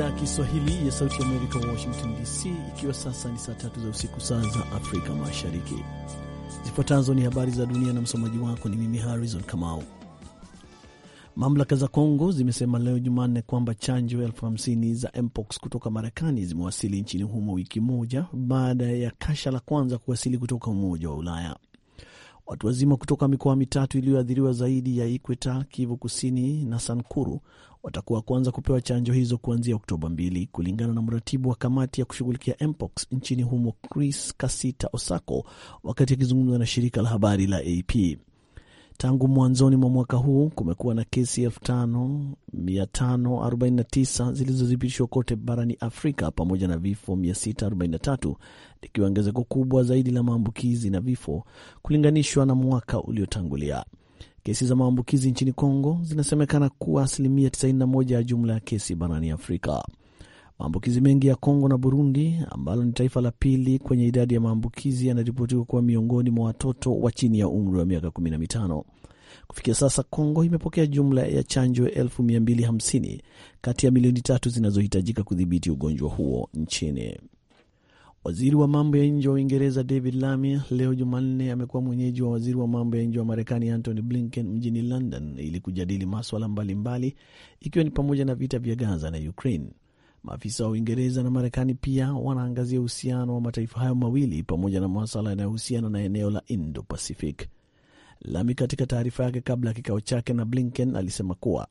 idhaa ya Kiswahili ya Sauti ya Amerika, Washington DC, ikiwa sasa ni saa tatu za usiku, saa za Afrika Mashariki. Zifuatazo ni habari za dunia na msomaji wako ni mimi Harrison Kamau. Mamlaka za Kongo zimesema leo Jumanne kwamba chanjo elfu hamsini za mpox kutoka Marekani zimewasili nchini humo wiki moja baada ya kasha la kwanza kuwasili kutoka Umoja wa Ulaya. Watu wazima kutoka mikoa mitatu iliyoathiriwa zaidi ya Ikweta, Kivu Kusini na Sankuru watakuwa wa kwanza kupewa chanjo hizo kuanzia Oktoba 2 kulingana na mratibu wa kamati ya kushughulikia mpox nchini humo Chris Kasita Osako wakati akizungumza na shirika la habari la AP. Tangu mwanzoni mwa mwaka huu kumekuwa na kesi 5549 zilizothibitishwa kote barani Afrika pamoja na vifo 643 likiwa ongezeko kubwa zaidi la maambukizi na vifo kulinganishwa na mwaka uliotangulia. Kesi za maambukizi nchini Kongo zinasemekana kuwa asilimia 91 ya jumla ya kesi barani Afrika. Maambukizi mengi ya Kongo na Burundi, ambalo ni taifa la pili kwenye idadi ya maambukizi, yanaripotiwa kuwa miongoni mwa watoto wa chini ya umri wa miaka 15. Kufikia sasa Kongo imepokea jumla ya chanjo 250 kati ya milioni tatu zinazohitajika kudhibiti ugonjwa huo nchini. Waziri wa mambo ya nje wa Uingereza David Lammy leo Jumanne amekuwa mwenyeji wa waziri wa mambo ya nje wa Marekani Antony Blinken mjini London ili kujadili maswala mbalimbali ikiwa ni pamoja na vita vya Gaza na Ukraine. Maafisa wa Uingereza na Marekani pia wanaangazia uhusiano wa mataifa hayo mawili pamoja na maswala yanayohusiana na eneo la Indo Pacific. Lami katika taarifa yake kabla ya kikao chake na Blinken alisema kuwa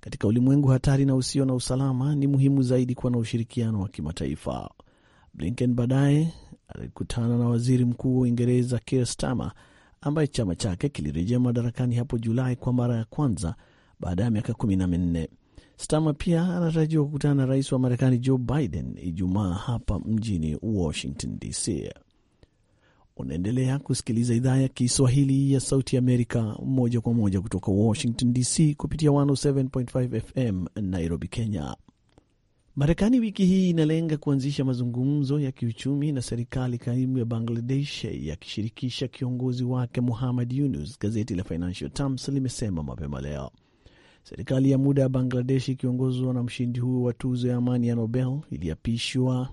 katika ulimwengu hatari na usio na usalama, ni muhimu zaidi kuwa na ushirikiano wa kimataifa. Blinken baadaye alikutana na waziri mkuu wa Uingereza Keir Starmer ambaye chama chake kilirejea madarakani hapo Julai kwa mara ya kwanza baada ya miaka kumi na minne. Starmer pia anatarajiwa kukutana na rais wa Marekani Joe Biden Ijumaa hapa mjini Washington DC. Unaendelea kusikiliza idhaa ya Kiswahili ya Sauti Amerika moja kwa moja kutoka Washington DC kupitia 107.5 FM Nairobi, Kenya. Marekani wiki hii inalenga kuanzisha mazungumzo ya kiuchumi na serikali karimu ya Bangladesh yakishirikisha kiongozi wake Muhammad Yunus, gazeti la Financial Times limesema mapema leo. Serikali ya muda ya Bangladesh ikiongozwa na mshindi huo wa tuzo ya amani ya Nobel iliapishwa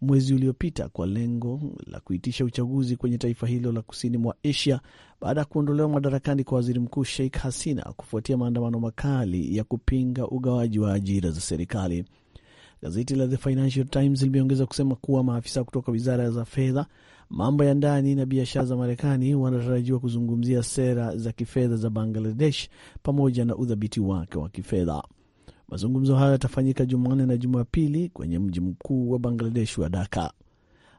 mwezi uliopita kwa lengo la kuitisha uchaguzi kwenye taifa hilo la kusini mwa Asia baada ya kuondolewa madarakani kwa waziri mkuu Sheikh Hasina kufuatia maandamano makali ya kupinga ugawaji wa ajira za serikali. Gazeti la The Financial Times limeongeza kusema kuwa maafisa kutoka wizara za fedha, mambo ya ndani na biashara za Marekani wanatarajiwa kuzungumzia sera za kifedha za Bangladesh pamoja na udhabiti wake wa kifedha. Mazungumzo hayo yatafanyika Jumanne na Jumapili kwenye mji mkuu wa Bangladesh wa Daka.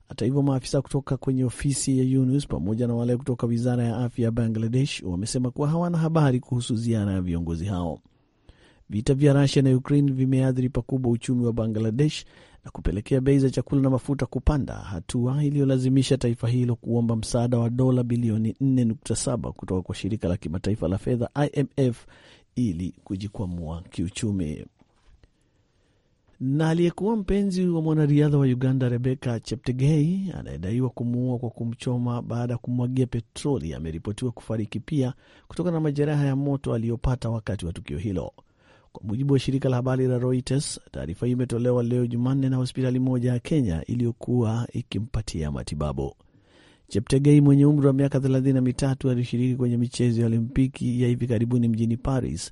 Hata hivyo, maafisa kutoka kwenye ofisi ya Yunus pamoja na wale kutoka wizara ya afya ya Bangladesh wamesema kuwa hawana habari kuhusu ziara ya viongozi hao. Vita vya Rusia na Ukraine vimeathiri pakubwa uchumi wa Bangladesh na kupelekea bei za chakula na mafuta kupanda, hatua iliyolazimisha taifa hilo kuomba msaada wa dola bilioni 4.7 kutoka kwa shirika la kimataifa la fedha IMF ili kujikwamua kiuchumi. Na aliyekuwa mpenzi wa mwanariadha wa Uganda Rebeka Cheptegei anayedaiwa kumuua kwa kumchoma baada ya kumwagia petroli ameripotiwa kufariki pia kutokana na majeraha ya moto aliyopata wakati wa tukio hilo. Kwa mujibu wa shirika la habari la Reuters, taarifa hiyo imetolewa leo Jumanne na hospitali moja ya Kenya iliyokuwa ikimpatia matibabu. Cheptegei mwenye umri wa miaka thelathini na mitatu alishiriki kwenye michezo ya Olimpiki ya hivi karibuni mjini Paris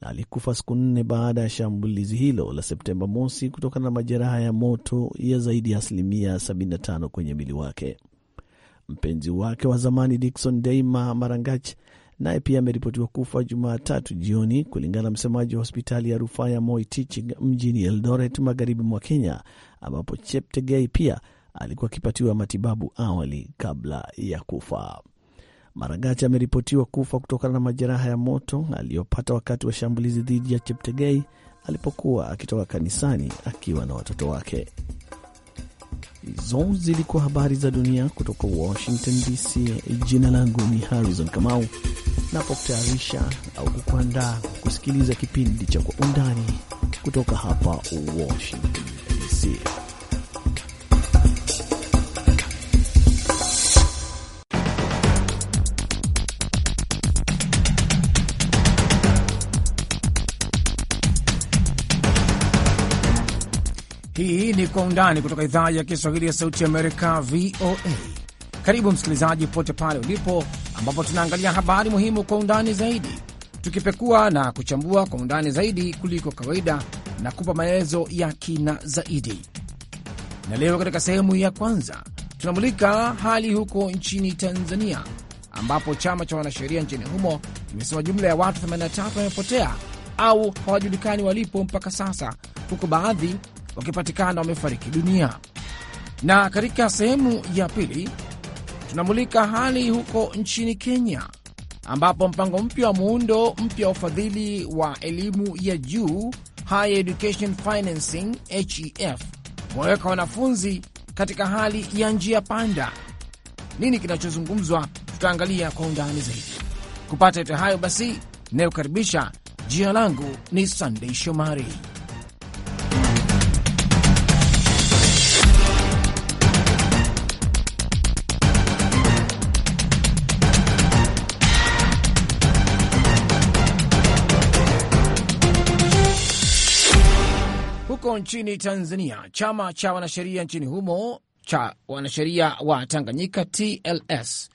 na alikufa siku nne baada ya shambulizi hilo la Septemba mosi kutokana na majeraha ya moto ya zaidi ya asilimia 75 kwenye mwili wake. Mpenzi wake wa zamani dikson Deima Marangach naye pia ameripotiwa kufa Jumatatu jioni, kulingana na msemaji wa hospitali ya rufaa ya Moi Teaching mjini Eldoret, magharibi mwa Kenya, ambapo Cheptegei pia alikuwa akipatiwa matibabu awali kabla ya kufa. maragati ameripotiwa kufa kutokana na majeraha ya moto aliyopata wakati wa shambulizi dhidi ya Cheptegei alipokuwa akitoka kanisani akiwa na watoto wake. Hizo zilikuwa habari za dunia kutoka Washington DC. Jina langu ni Harrison Kamau napokutayarisha au kukuandaa kusikiliza kipindi cha Kwa Undani kutoka hapa Washington DC. Hii ni Kwa Undani kutoka idhaa ya Kiswahili ya Sauti ya Amerika, VOA. Karibu msikilizaji, popote pale ulipo ambapo tunaangalia habari muhimu kwa undani zaidi, tukipekua na kuchambua kwa undani zaidi kuliko kawaida na kupa maelezo ya kina zaidi. Na leo katika sehemu ya kwanza tunamulika hali huko nchini Tanzania, ambapo chama cha wanasheria nchini humo kimesema jumla ya watu 83 wamepotea au hawajulikani walipo mpaka sasa, huku baadhi wakipatikana wamefariki dunia. Na katika sehemu ya pili tunamulika hali huko nchini Kenya ambapo mpango mpya wa muundo mpya wa ufadhili wa elimu ya juu High Education Financing HEF umeweka wanafunzi katika hali ya njia panda. Nini kinachozungumzwa? Tutaangalia kwa undani zaidi. Kupata yote hayo basi, inayokaribisha. Jina langu ni Sandei Shomari. nchini Tanzania, chama cha wanasheria nchini humo cha wanasheria wa Tanganyika TLS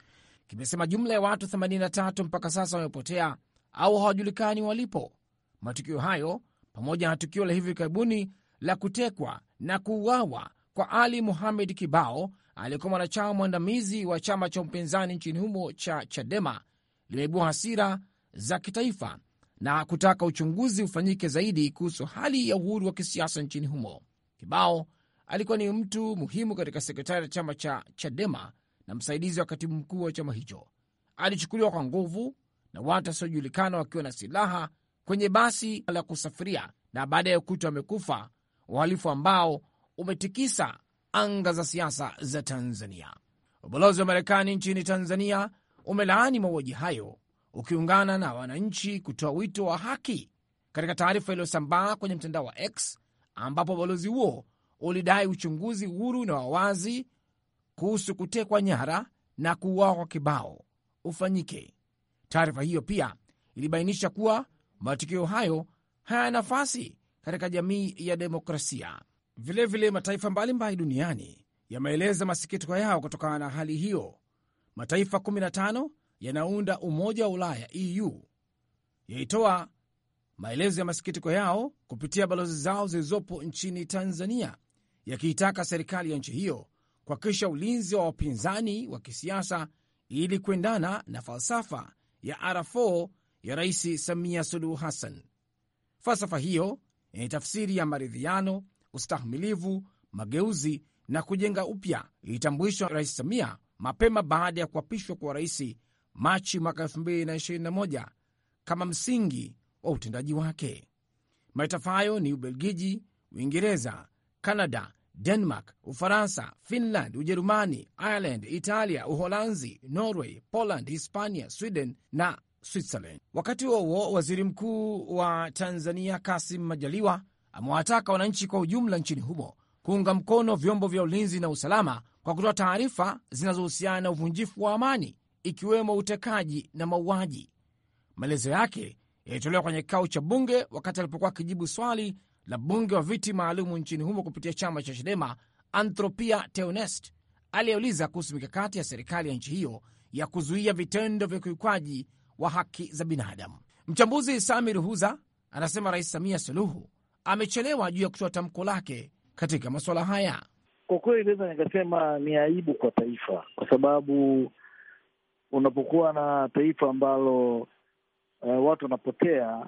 kimesema jumla ya watu 83 mpaka sasa wamepotea au hawajulikani walipo. Matukio hayo pamoja na tukio la hivi karibuni la kutekwa na kuuawa kwa Ali muhamed Kibao aliyekuwa mwanachama mwandamizi wa chama cha upinzani nchini humo cha Chadema limeibua hasira za kitaifa na kutaka uchunguzi ufanyike zaidi kuhusu hali ya uhuru wa kisiasa nchini humo. Kibao alikuwa ni mtu muhimu katika sekretari ya chama cha Chadema na msaidizi wa katibu mkuu wa chama hicho. Alichukuliwa kwa nguvu na watu wasiojulikana wakiwa na silaha kwenye basi la kusafiria na baada ya kutwa wamekufa uhalifu ambao umetikisa anga za siasa za Tanzania. Ubalozi wa Marekani nchini Tanzania umelaani mauaji hayo ukiungana na wananchi kutoa wito wa haki katika taarifa iliyosambaa kwenye mtandao wa X ambapo ubalozi huo ulidai uchunguzi huru na wawazi kuhusu kutekwa nyara na kuuawa kwa kibao ufanyike. Taarifa hiyo pia ilibainisha kuwa matukio hayo haya nafasi katika jamii ya demokrasia. Vilevile vile mataifa mbalimbali duniani yameeleza masikitiko yao kutokana na hali hiyo. Mataifa yanaunda Umoja wa Ulaya EU yaitoa maelezo ya masikitiko yao kupitia balozi zao zilizopo nchini Tanzania, yakiitaka serikali ya nchi hiyo kuhakikisha ulinzi wa wapinzani wa kisiasa ili kuendana na falsafa ya R4 ya Rais Samia Suluhu Hassan. Falsafa hiyo yenye tafsiri ya maridhiano, ustahimilivu, mageuzi na kujenga upya ilitambulishwa Rais Samia mapema baada ya kuapishwa kwa raisi Machi mwaka 2021 kama msingi wa utendaji wake. Mataifa hayo ni Ubelgiji, Uingereza, canada Denmark, Ufaransa, Finland, Ujerumani, Ireland, Italia, Uholanzi, Norway, Poland, Hispania, Sweden na Switzerland. Wakati huo huo, waziri mkuu wa Tanzania Kasim Majaliwa amewataka wananchi kwa ujumla nchini humo kuunga mkono vyombo vya ulinzi na usalama kwa kutoa taarifa zinazohusiana na uvunjifu wa amani ikiwemo utekaji na mauaji. Maelezo yake yalitolewa kwenye kikao cha bunge wakati alipokuwa akijibu swali la bunge wa viti maalumu nchini humo kupitia chama cha Chadema Anthropia Teonest aliyeuliza kuhusu mikakati ya serikali ya nchi hiyo ya kuzuia vitendo vya ukiukwaji wa haki za binadamu. Mchambuzi Samir Huza anasema Rais Samia Suluhu amechelewa juu ya kutoa tamko lake katika masuala haya. Kwa kweli naweza nikasema ni aibu kwa taifa, kwa sababu unapokuwa na taifa ambalo uh, watu wanapotea,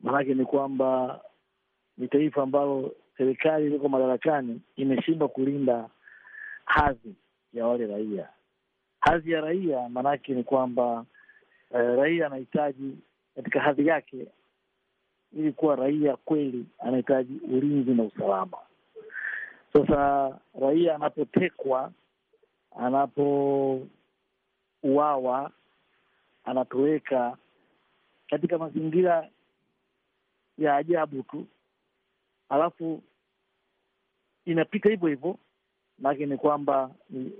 maanake ni kwamba ni taifa ambalo serikali iliko madarakani imeshindwa kulinda hadhi ya wale raia. Hadhi ya raia maanake ni kwamba uh, raia anahitaji katika hadhi yake, ili kuwa raia kweli anahitaji ulinzi na usalama. Sasa raia anapotekwa, anapo uwawa anatoweka katika mazingira ya ajabu tu, alafu inapita hivyo hivyo. Maake ni kwamba eh,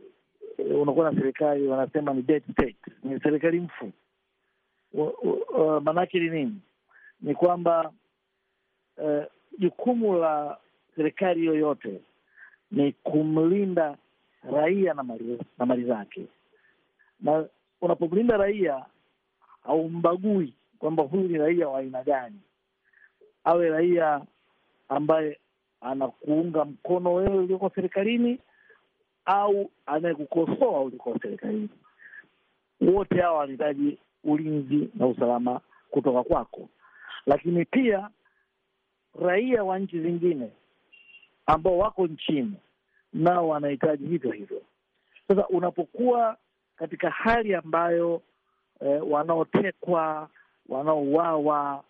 unakuwa na serikali wanasema ni dead state, ni serikali mfu. Maanake ni nini? Ni kwamba eh, jukumu uh, la serikali yoyote ni kumlinda raia na mali na mali zake na unapomlinda raia haumbagui kwamba huyu ni raia wa aina gani, awe raia ambaye anakuunga mkono wewe ulioko serikalini au anayekukosoa ulioko serikalini. Wote hawa wanahitaji ulinzi na usalama kutoka kwako, lakini pia raia wa nchi zingine ambao wako nchini nao wanahitaji hivyo hivyo. Sasa unapokuwa katika hali ambayo eh, wanaotekwa wanaouawa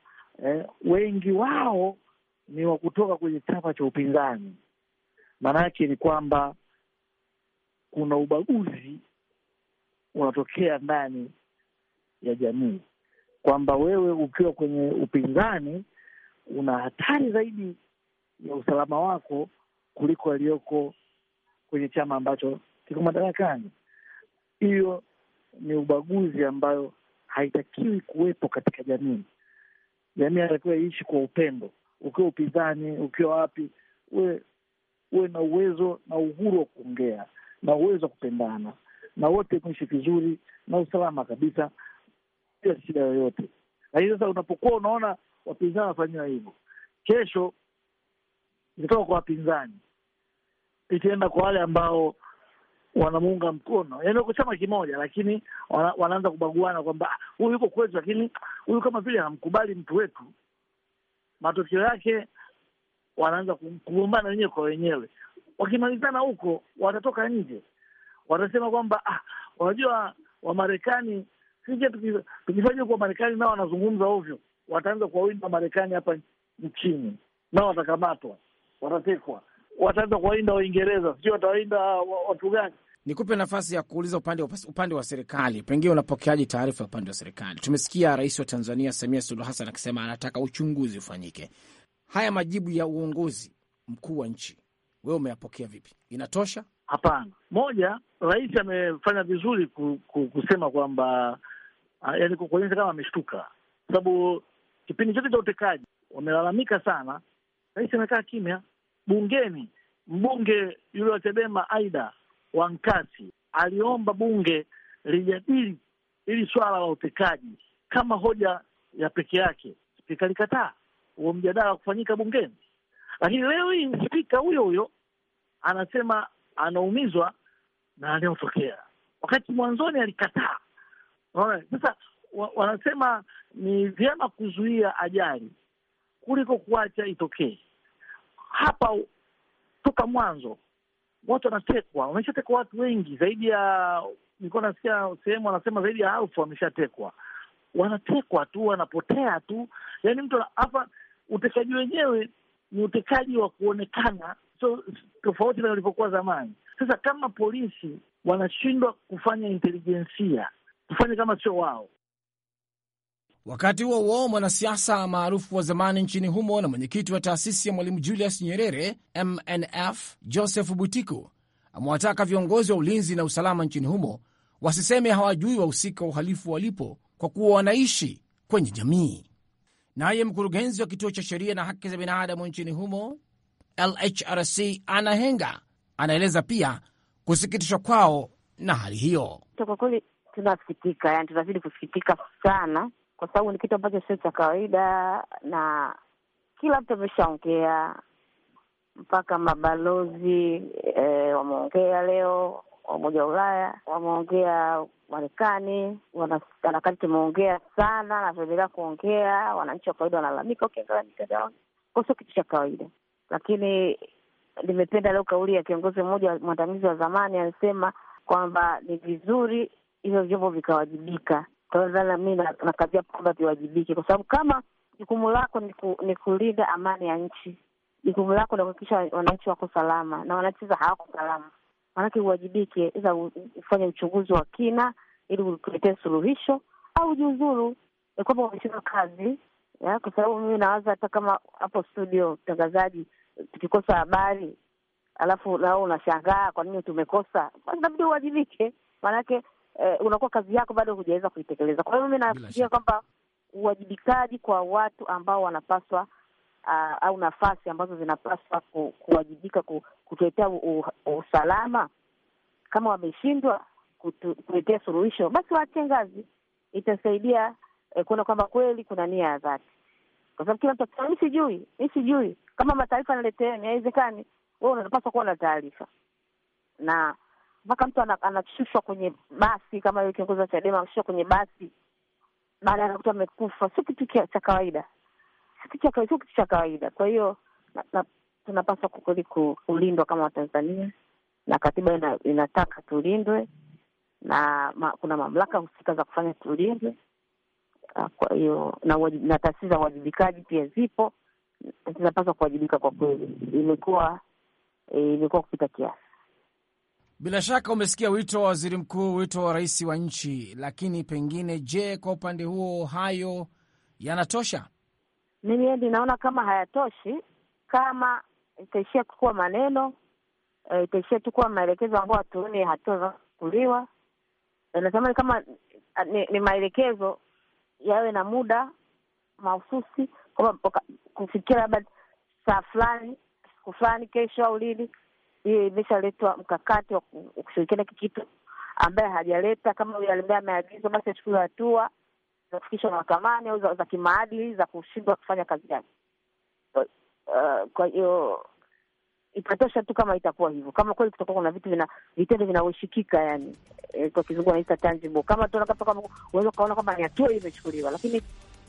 eh, wengi wao ni wa kutoka kwenye chama cha upinzani. Maana yake ni kwamba kuna ubaguzi unatokea ndani ya jamii, kwamba wewe ukiwa kwenye upinzani una hatari zaidi ya usalama wako kuliko aliyoko kwenye chama ambacho kiko madarakani. Hiyo ni ubaguzi ambayo haitakiwi kuwepo katika jamii. Jamii anatakiwa iishi kwa upendo. Ukiwa upinzani, ukiwa wapi, uwe uwe na uwezo na uhuru wa kuongea na uwezo wa kupendana na wote kuishi vizuri na usalama kabisa bila shida yoyote. Lakini sasa unapokuwa unaona wapinzani wanafanyiwa hivyo, kesho itatoka kwa wapinzani, itaenda kwa wale ambao wanamuunga mkono, yaani wako chama kimoja, lakini wanaanza kubaguana kwamba ah, huyu yuko kwetu, lakini huyu kama vile hamkubali mtu wetu. Matokeo yake wanaanza kugombana wenyewe kwa wenyewe. Wakimalizana huko, watatoka nje, watasema kwamba ah, wanajua Wamarekani sije tukifanya huko Wamarekani nao wanazungumza ovyo, wataanza kuwawinda Wamarekani hapa nchini, nao watakamatwa, watatekwa wataenda kuwainda Waingereza, sijui watawainda watu gani. Nikupe nafasi ya kuuliza upande, upande wa serikali, pengine unapokeaje taarifa ya upande wa serikali? Tumesikia rais wa Tanzania Samia Suluhu Hassan akisema anataka uchunguzi ufanyike. Haya majibu ya uongozi mkuu wa nchi, wewe umeyapokea vipi? Inatosha? Hapana. Moja, rais amefanya vizuri ku, ku, kusema kwamba yaani kuonyesha kama ameshtuka, kwa sababu kipindi chote cha utekaji wamelalamika sana, rais amekaa kimya bungeni, mbunge yule wa Chadema Aida wa nkasi aliomba bunge lijadili ili swala la utekaji kama hoja ya peke yake. Spika alikataa huo mjadala wa kufanyika bungeni, lakini leo hii spika huyo huyo anasema anaumizwa na anayotokea, wakati mwanzoni alikataa. Unaona, sasa wanasema ni vyema kuzuia ajali kuliko kuacha itokee hapa toka mwanzo watu wanatekwa, wameshatekwa watu wengi zaidi ya nilikuwa nasikia sehemu wanasema zaidi ya elfu wameshatekwa. Wanatekwa tu, wanapotea tu, yani mtu hapa. Utekaji wenyewe ni utekaji wa kuonekana, so tofauti na ulivyokuwa zamani. Sasa kama polisi wanashindwa kufanya intelijensia, kufanya kama sio wao, Wakati huo huo, mwanasiasa maarufu wa zamani nchini humo na mwenyekiti wa taasisi ya Mwalimu Julius Nyerere MNF Joseph Butiko amewataka viongozi wa ulinzi na usalama nchini humo wasiseme hawajui wahusika wa uhalifu walipo kwa kuwa wanaishi kwenye jamii. Naye mkurugenzi wa kituo cha sheria na haki za binadamu nchini humo LHRC Ana Henga anaeleza pia kusikitishwa kwao na hali hiyo. Kwa kweli tunasikitika, yani tunazidi kusikitika sana kwa sababu ni kitu ambacho sio cha kawaida, na kila mtu ameshaongea, mpaka mabalozi e, wameongea leo wa Umoja wa Ulaya wameongea, Marekani wanakati tumeongea sana na tunaendelea kuongea. Wananchi wa kawaida wanalalamika, ukiangalia mitandaoni, kwa sio kitu cha kawaida. Lakini nimependa leo kauli ya kiongozi mmoja mwandamizi wa zamani, alisema kwamba ni vizuri hivyo vyombo vikawajibika tafadhali mi nakazia kwamba viwajibike, kwa sababu kama jukumu lako ni, ku, ni kulinda amani ya nchi, jukumu lako ni kuhakikisha wananchi wako salama na wanacheza hawako salama, maanake uwajibike, iza ufanye uchunguzi wa kina ili utuletee suluhisho au jiuzuru Ni kwamba umeshindwa kazi ya, kwa sababu mimi nawaza hata kama hapo studio mtangazaji tukikosa habari alafu nao unashangaa kwa nini tumekosa, basi inabidi uwajibike, maanake eh, unakuwa kazi yako bado hujaweza kuitekeleza. Kwa hiyo mimi nafikiria kwamba uwajibikaji kwa watu ambao wanapaswa Uh, au nafasi ambazo zinapaswa ku, kuwajibika ku, kutetea usalama, kama wameshindwa kuletea suluhisho, basi waache ngazi. Itasaidia eh, kuona kwamba kweli kuna nia ya dhati, kwa sababu kila mtu akisema mi sijui, mi sijui, kama mataarifa naleteeni, haiwezekani. We unapaswa kuwa na taarifa na mpaka mtu anashushwa kwenye basi, kama yule kiongozi wa Chadema anashushwa kwenye basi baada ya kuta amekufa. Sio kitu cha kawaida, sio kitu cha kawaida. Kwa hiyo tunapaswa kweli kulindwa kama Watanzania, na katiba ina, inataka tulindwe na ma, kuna mamlaka husika za kufanya tulindwe. Ah, kwa hiyo na, na taasisi za uwajibikaji pia zipo zinapaswa kuwajibika. Kwa kweli imekuwa eh, imekuwa kupita kiasi. Bila shaka umesikia wito wa waziri mkuu, wito wa rais wa nchi, lakini pengine, je, kwa upande huo hayo yanatosha? Mimi ninaona kama hayatoshi, kama itaishia kuwa maneno, eh, itaishia tu kuwa maelekezo ambayo hatuoni hatua zinachukuliwa. Eh, Natamani kama ah, ni, ni maelekezo yawe na muda mahususi, kufikia labda saa fulani, siku fulani, kesho au lini hiyo imeshaletwa mkakati wa kushirikiana kikitu ambaye hajaleta kama huyo ambaye ameagizwa, basi achukue hatua za kufikishwa mahakamani au za kimaadili za kushindwa kufanya kazi yake. Uh, kwa hiyo itatosha tu kama itakuwa hivyo, kama kweli kutakuwa kuna vitu vina vitendo vinaoshikika yani e, kwa kizungu wanaita tangible. Kama tunaona kama unaweza ukaona kwamba ni hatua imechukuliwa, lakini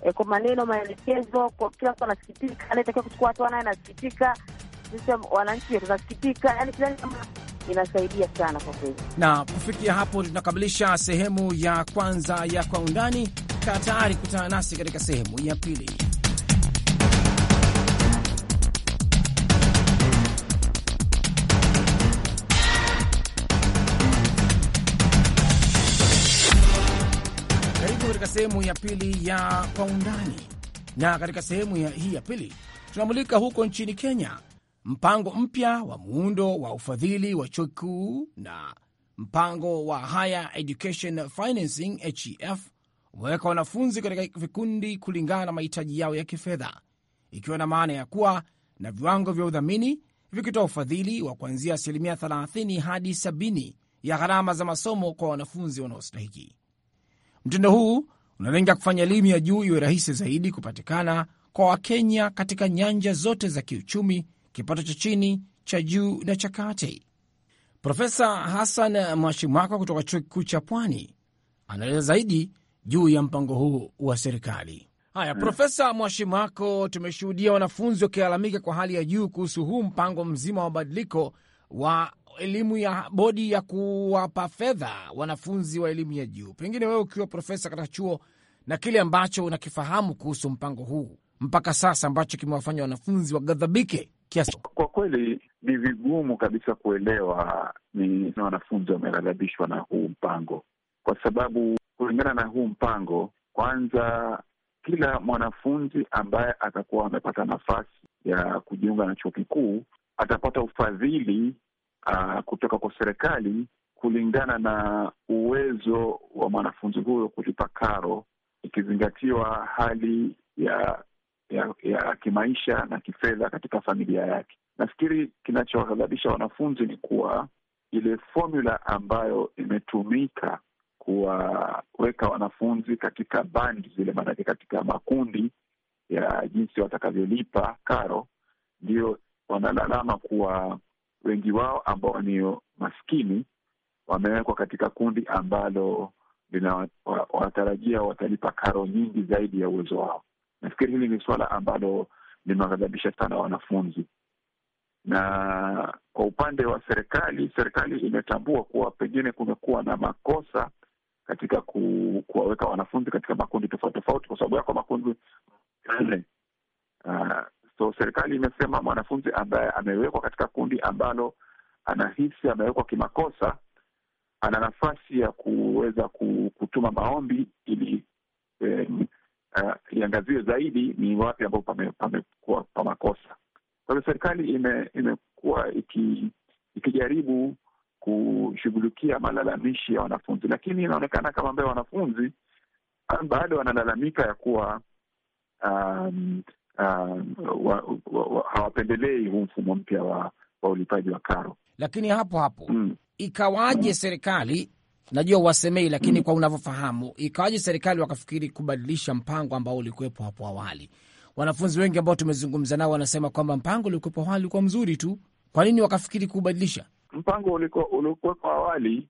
e, kwa maneno maelekezo, kwa kila mtu anasikitika, anayetakiwa kuchukua hatua naye anasikitika kuhakikisha wananchi, tunasikitika, yani kila inasaidia sana kwa kweli. Na kufikia hapo, tunakamilisha sehemu ya kwanza ya Kwa Undani. Kaa tayari kutana nasi katika sehemu ya pili. Karibu katika sehemu ya pili ya Kwa Undani, na katika sehemu hii ya pili tunamulika huko nchini Kenya mpango mpya wa muundo wa ufadhili wa chuo kikuu na mpango wa Higher Education Financing HEF umeweka wanafunzi katika vikundi kulingana na mahitaji yao ya kifedha, ikiwa na maana ya kuwa na viwango vya udhamini vikitoa ufadhili wa kuanzia asilimia 30 hadi 70 ya gharama za masomo kwa wanafunzi wanaostahiki. Mtindo huu unalenga kufanya elimu ya juu iwe rahisi zaidi kupatikana kwa Wakenya katika nyanja zote za kiuchumi kipato cha chini, cha juu na cha kati. Profesa Hassan Mwashimwako kutoka chuo kikuu cha Pwani anaeleza zaidi juu ya mpango huu wa serikali. Haya, mm. Profesa Mwashimwako, tumeshuhudia wanafunzi wakilalamika kwa hali ya juu kuhusu huu mpango mzima wa mabadiliko wa elimu ya bodi ya kuwapa fedha wanafunzi wa elimu ya juu. Pengine wewe ukiwa profesa katika chuo na kile ambacho unakifahamu kuhusu mpango huu mpaka sasa ambacho kimewafanya wanafunzi waghadhabike kiasi. Kwa kweli ni vigumu kabisa kuelewa ni wanafunzi wameghadhabishwa na huu mpango, kwa sababu kulingana na huu mpango, kwanza kila mwanafunzi ambaye atakuwa amepata nafasi ya kujiunga na chuo kikuu atapata ufadhili uh, kutoka kwa serikali kulingana na uwezo wa mwanafunzi huyo kulipa karo, ikizingatiwa hali ya ya, ya kimaisha na kifedha katika familia yake. Nafikiri kinachosababisha wanafunzi ni kuwa ile formula ambayo imetumika kuwaweka wanafunzi katika bandi zile, maanake katika makundi ya jinsi watakavyolipa karo, ndio wanalalama kuwa wengi wao ambao ni maskini wamewekwa katika kundi ambalo linawatarajia watalipa karo nyingi zaidi ya uwezo wao. Nafikiri hili ni suala ambalo limeghadhabisha sana wanafunzi, na kwa upande wa serikali, serikali imetambua kuwa pengine kumekuwa na makosa katika ku, kuwaweka wanafunzi katika makundi tofauti tofauti, kwa sababu yako makundi nne. Uh, ah, so serikali imesema mwanafunzi ambaye amewekwa katika kundi ambalo anahisi amewekwa kimakosa, ana nafasi ya kuweza kutuma maombi ili eh, uh, iangaziwe zaidi ni wapi ambao pamekuwa pa makosa. Kwa hiyo serikali ime, imekuwa iki, ikijaribu kushughulikia malalamishi ya wanafunzi, lakini inaonekana kama ambayo wanafunzi ah, bado wanalalamika ya kuwa um, um, hawapendelei huu mfumo mpya wa, wa ulipaji wa karo. Lakini hapo hapo mm, ikawaje serikali najua wasemei, lakini kwa unavyofahamu, ikawaje serikali wakafikiri kubadilisha mpango ambao ulikuwepo hapo awali? Wanafunzi wengi ambao tumezungumza nao wanasema kwamba mpango ulikuwepo awali ulikuwa mzuri tu. Kwa nini wakafikiri kubadilisha mpango uliokuwepo awali?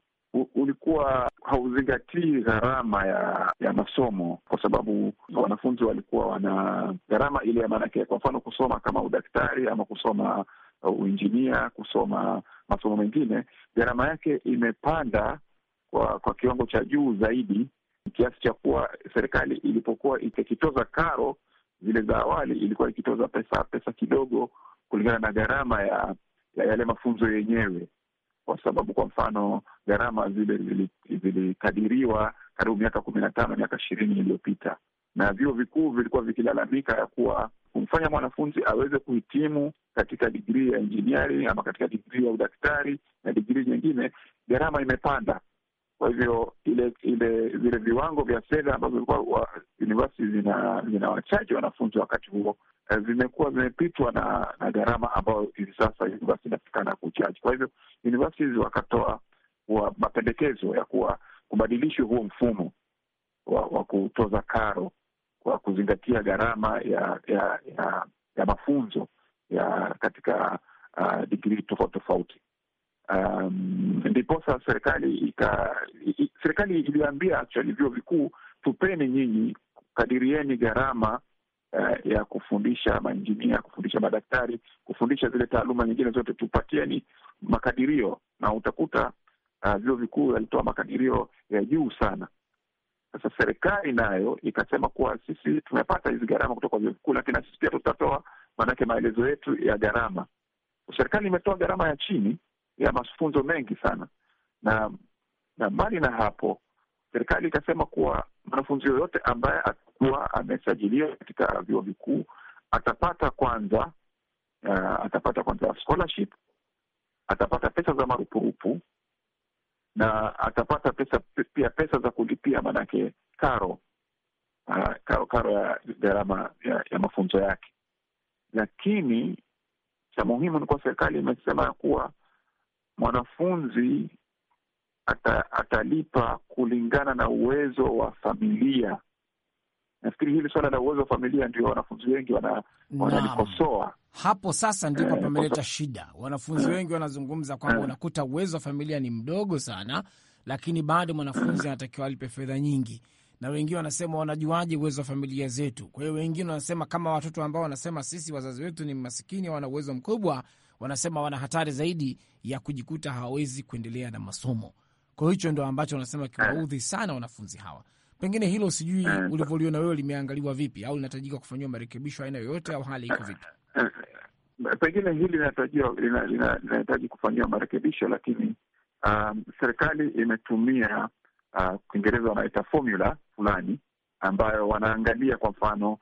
ulikuwa hauzingatii gharama ya ya masomo kwa sababu wanafunzi walikuwa wana gharama ile ya maanake, kwa mfano kusoma kama udaktari ama kusoma uh, uinjinia, kusoma masomo mengine, gharama yake imepanda kwa, kwa kiwango cha juu zaidi kiasi cha kuwa serikali ilipokuwa ikitoza karo zile za awali ilikuwa ikitoza pesa pesa kidogo kulingana na gharama ya, ya yale mafunzo yenyewe, kwa sababu kwa mfano gharama zile zilikadiriwa karibu miaka kumi na tano miaka ishirini iliyopita, na vyuo vikuu vilikuwa vikilalamika ya kuwa kumfanya mwanafunzi aweze kuhitimu katika digrii ya engineering ama katika digrii ya udaktari na digrii nyingine, gharama imepanda kwa hivyo ile ile vile viwango vya fedha ambavyo university zina, zina wachache wanafunzi wakati huo eh, vimekuwa vimepitwa na na gharama ambayo hivi sasa university inapatikana kuchaji. Kwa hivyo universities wakatoa wa mapendekezo ya kuwa kubadilishwe huo mfumo wa, wa kutoza karo kwa kuzingatia gharama ya ya, ya ya mafunzo ya katika uh, ah, digrii tofauti tofauti. Um, ndiposa um, serikali ika serikali iliambia actually vyuo vikuu, tupeni nyinyi, kadirieni gharama uh, ya kufundisha mainjinia, kufundisha madaktari, kufundisha zile taaluma nyingine zote, tupatieni makadirio, na utakuta uh, vyuo vikuu yalitoa makadirio ya juu sana. Sasa serikali nayo ikasema kuwa sisi tumepata hizi gharama kutoka vyuo vikuu, lakini na sisi pia tutatoa, maanake maelezo yetu ya gharama. Serikali imetoa gharama ya chini ya mafunzo mengi sana, na na mbali na hapo, serikali ikasema kuwa mwanafunzi yoyote ambaye atakuwa amesajiliwa katika vyuo vikuu atapata kwanza uh, atapata kwanza scholarship, atapata pesa za marupurupu na atapata pesa pia pesa za kulipia maanake karo uh, karo karo ya gharama ya, ya mafunzo yake. Lakini cha muhimu ni kuwa serikali imesema ya kuwa mwanafunzi ata, atalipa kulingana na uwezo wa familia. Nafikiri hili swala la uwezo wa familia ndio wanafunzi wengi wanalikosoa wana hapo sasa ndipo eh, pameleta eh, shida. Wanafunzi eh. wengi wanazungumza kwamba eh, unakuta uwezo wa familia ni mdogo sana, lakini bado mwanafunzi anatakiwa alipe fedha nyingi, na wengine wanasema wanajuaje uwezo wa familia zetu? Kwa hiyo wengine wanasema kama watoto ambao wanasema sisi wazazi wetu ni masikini, wana uwezo mkubwa, wanasema wana hatari zaidi ya kujikuta hawawezi kuendelea na masomo. Kwa hicho ndo ambacho wanasema kiwaudhi sana wanafunzi hawa. Pengine hilo sijui mm. ulivyoliona wewe limeangaliwa vipi, au linahitajika kufanyiwa marekebisho aina yoyote, au hali iko vipi? Pengine hili linahitaji kufanyiwa marekebisho, lakini um, serikali imetumia uh, Kiingereza wanaita formula fulani ambayo wanaangalia, kwa mfano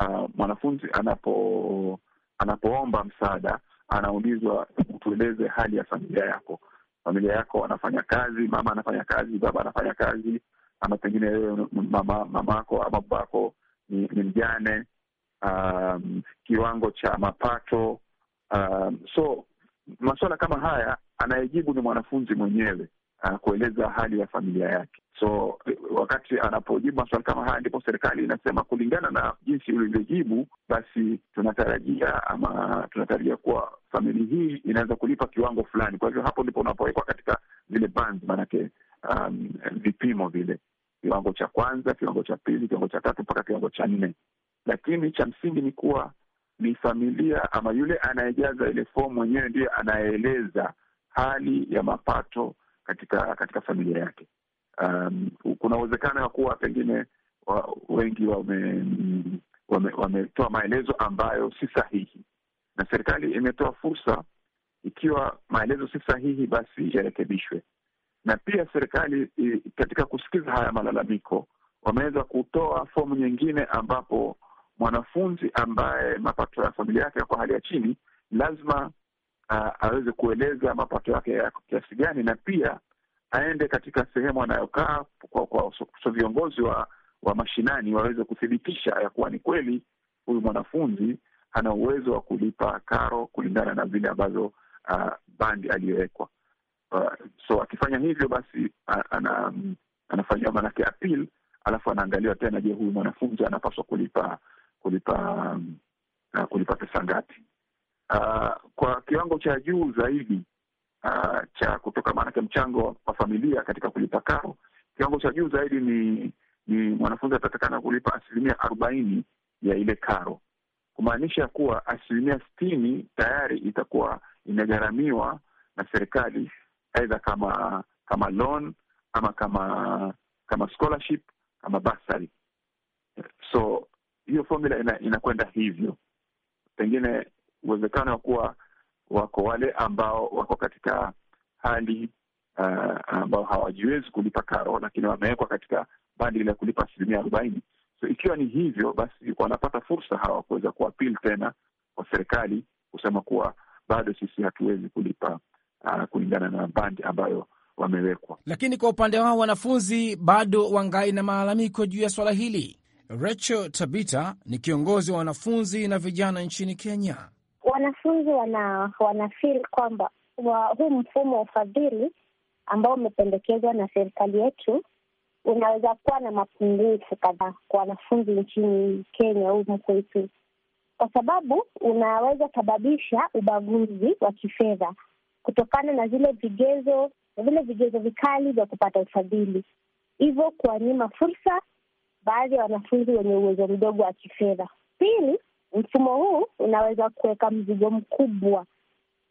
uh, mwanafunzi anapo anapoomba msaada anaulizwa tueleze hali ya familia yako. Familia yako anafanya kazi, mama anafanya kazi, baba anafanya kazi, ama pengine wewe mama mamako ama babako ni, ni mjane. Um, kiwango cha mapato um, so masuala kama haya anayejibu ni mwanafunzi mwenyewe, uh, kueleza hali ya familia yake. So wakati anapojibu maswali kama haya, ndipo serikali inasema kulingana na jinsi ulivyojibu, basi tunatarajia ama tunatarajia kuwa famili hii inaweza kulipa kiwango fulani. Kwa hivyo hapo ndipo unapowekwa katika zile bands, maanake um, vipimo vile, kiwango cha kwanza, kiwango cha pili, kiwango cha tatu mpaka kiwango cha nne. Lakini cha msingi ni kuwa ni familia ama yule anayejaza ile fomu mwenyewe ndiye anayeeleza hali ya mapato katika katika familia yake um, kuna uwezekano ya kuwa pengine wa, wengi wame wametoa wame maelezo ambayo si sahihi, na serikali imetoa fursa, ikiwa maelezo si sahihi, basi yarekebishwe. Na pia serikali katika kusikiza haya malalamiko, wameweza kutoa fomu nyingine ambapo mwanafunzi ambaye mapato ya familia yake yako hali ya chini lazima uh, aweze kueleza mapato yake ya kiasi gani, na pia aende katika sehemu anayokaa kwa, kwa so, so viongozi wa, wa mashinani waweze kuthibitisha ya kuwa ni kweli huyu mwanafunzi ana uwezo wa kulipa karo kulingana na vile ambavyo uh, bandi aliyowekwa. Uh, so akifanya hivyo basi ana, anafanyiwa maanake apil alafu anaangaliwa tena, je, huyu mwanafunzi anapaswa kulipa kulipa um, uh, kulipa pesa ngapi? Uh, kwa kiwango cha juu zaidi uh, cha kutoka, maanake mchango wa familia katika kulipa karo, kiwango cha juu zaidi ni ni mwanafunzi atatakana kulipa asilimia arobaini ya ile karo, kumaanisha kuwa asilimia sitini tayari itakuwa imegharamiwa na serikali, aidha kama kama loan ama kama kama scholarship ama basari. So hiyo formula inakwenda ina hivyo, pengine uwezekano wa kuwa wako wale ambao wako katika hali uh, ambao hawajiwezi kulipa karo, lakini wamewekwa katika bandi la kulipa asilimia arobaini. So ikiwa ni hivyo basi, wanapata fursa hawa kuweza kuapil tena kwa serikali kusema kuwa bado sisi hatuwezi kulipa uh, kulingana na bandi ambayo wamewekwa. Lakini kwa upande wao wanafunzi bado wangai na malalamiko juu ya swala hili. Rachel Tabita ni kiongozi wa wanafunzi na vijana nchini Kenya wanafunzi wana wanafil kwamba wa, huu mfumo wa ufadhili ambao umependekezwa na serikali yetu unaweza kuwa na mapungufu kadhaa kwa wanafunzi nchini Kenya humu kwetu, kwa sababu unaweza sababisha ubaguzi wa kifedha kutokana na zile vigezo na vile vigezo vikali vya kupata ufadhili, hivyo kuwanyima fursa baadhi ya wanafunzi wenye uwezo mdogo wa kifedha. Pili, Mfumo huu unaweza kuweka mzigo mkubwa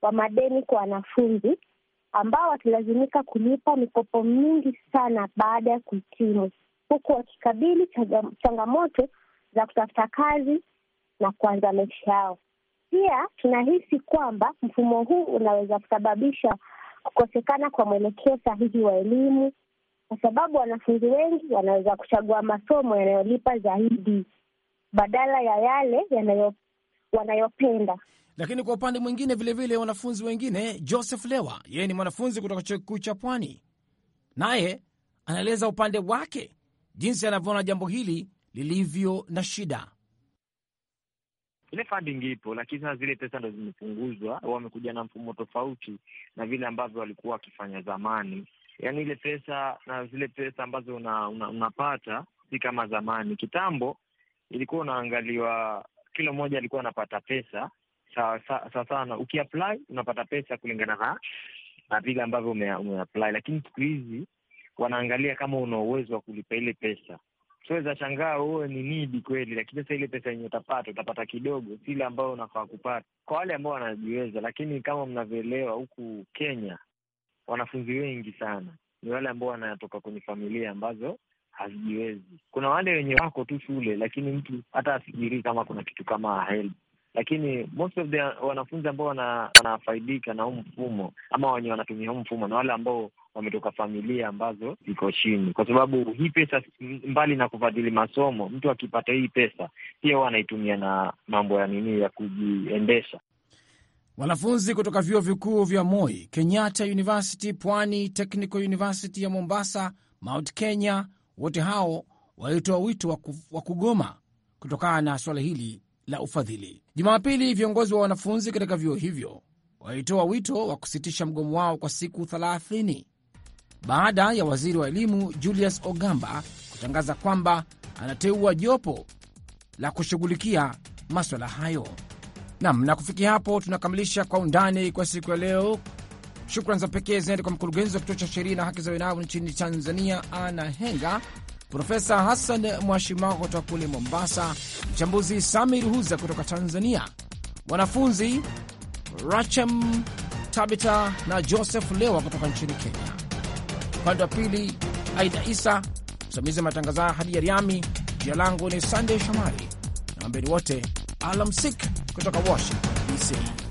wa madeni kwa wanafunzi ambao wakilazimika kulipa mikopo mingi sana baada ya kuhitimu, huku wakikabili changamoto za kutafuta kazi na kuanza maisha yao. Pia tunahisi kwamba mfumo huu unaweza kusababisha kukosekana kwa mwelekeo sahihi wa elimu, kwa sababu wanafunzi wengi wanaweza kuchagua masomo yanayolipa zaidi badala ya yale yanayo wanayopenda. Lakini kwa upande mwingine vilevile vile wanafunzi wengine, Joseph Lewa, yeye ni mwanafunzi kutoka chuo kikuu cha Pwani, naye anaeleza upande wake jinsi anavyoona jambo hili lilivyo na shida. Ile funding ipo, lakini sasa zile pesa ndo zimepunguzwa. Wamekuja na mfumo tofauti na vile ambavyo walikuwa wakifanya zamani, yaani ile pesa na zile pesa ambazo unapata una, una si kama zamani. Kitambo ilikuwa unaangaliwa, kila mmoja alikuwa anapata pesa sawa sana. Ukiapply unapata pesa kulingana na na vile ambavyo umeapply, lakini siku hizi wanaangalia kama una uwezo wa kulipa ile pesa. Siweza shangaa huo ni nidi kweli, lakini sasa ile pesa yenye utapata utapata kidogo, si ile ambayo unafaa kupata, kwa wale ambao wanajiweza. Lakini kama mnavyoelewa, huku Kenya wanafunzi wengi sana ni wale ambao wanatoka kwenye familia ambazo hazijiwezi. Kuna wale wenye wako tu shule, lakini mtu hata afikirii kama kuna kitu kama HELB, lakini most of the wanafunzi ambao wanafaidika na huu mfumo ama wenye wanatumia huu mfumo na wale ambao wametoka familia ambazo ziko chini, kwa sababu hii pesa, mbali na kufadhili masomo, mtu akipata hii pesa pia huwa anaitumia na mambo ya nini ya kujiendesha. Wanafunzi kutoka vyuo vikuu vya Moi, Kenyatta University, Pwani Technical University ya Mombasa, Mount Kenya, wote hao walitoa wito wa kugoma kutokana na suala hili la ufadhili. Jumapili, viongozi wa wanafunzi katika vyuo hivyo walitoa wito wa kusitisha mgomo wao kwa siku 30 baada ya waziri wa elimu Julius Ogamba kutangaza kwamba anateua jopo la kushughulikia maswala hayo. Nam na kufikia hapo tunakamilisha kwa undani kwa siku ya leo Shukrani za pekee zinaenda kwa mkurugenzi wa kituo cha sheria na haki za binadamu nchini Tanzania, Ana Henga, Profesa Hassan Mwashimao kutoka kule Mombasa, mchambuzi Sami Ruhuza kutoka Tanzania, wanafunzi Rachem Tabita na Joseph Lewa kutoka nchini Kenya. Upande wa pili, Aida Isa, msimamizi wa matangazo haya Hadija Riami. Jina langu ni Sandey Shomari na wambeni wote alamsik kutoka Washington DC.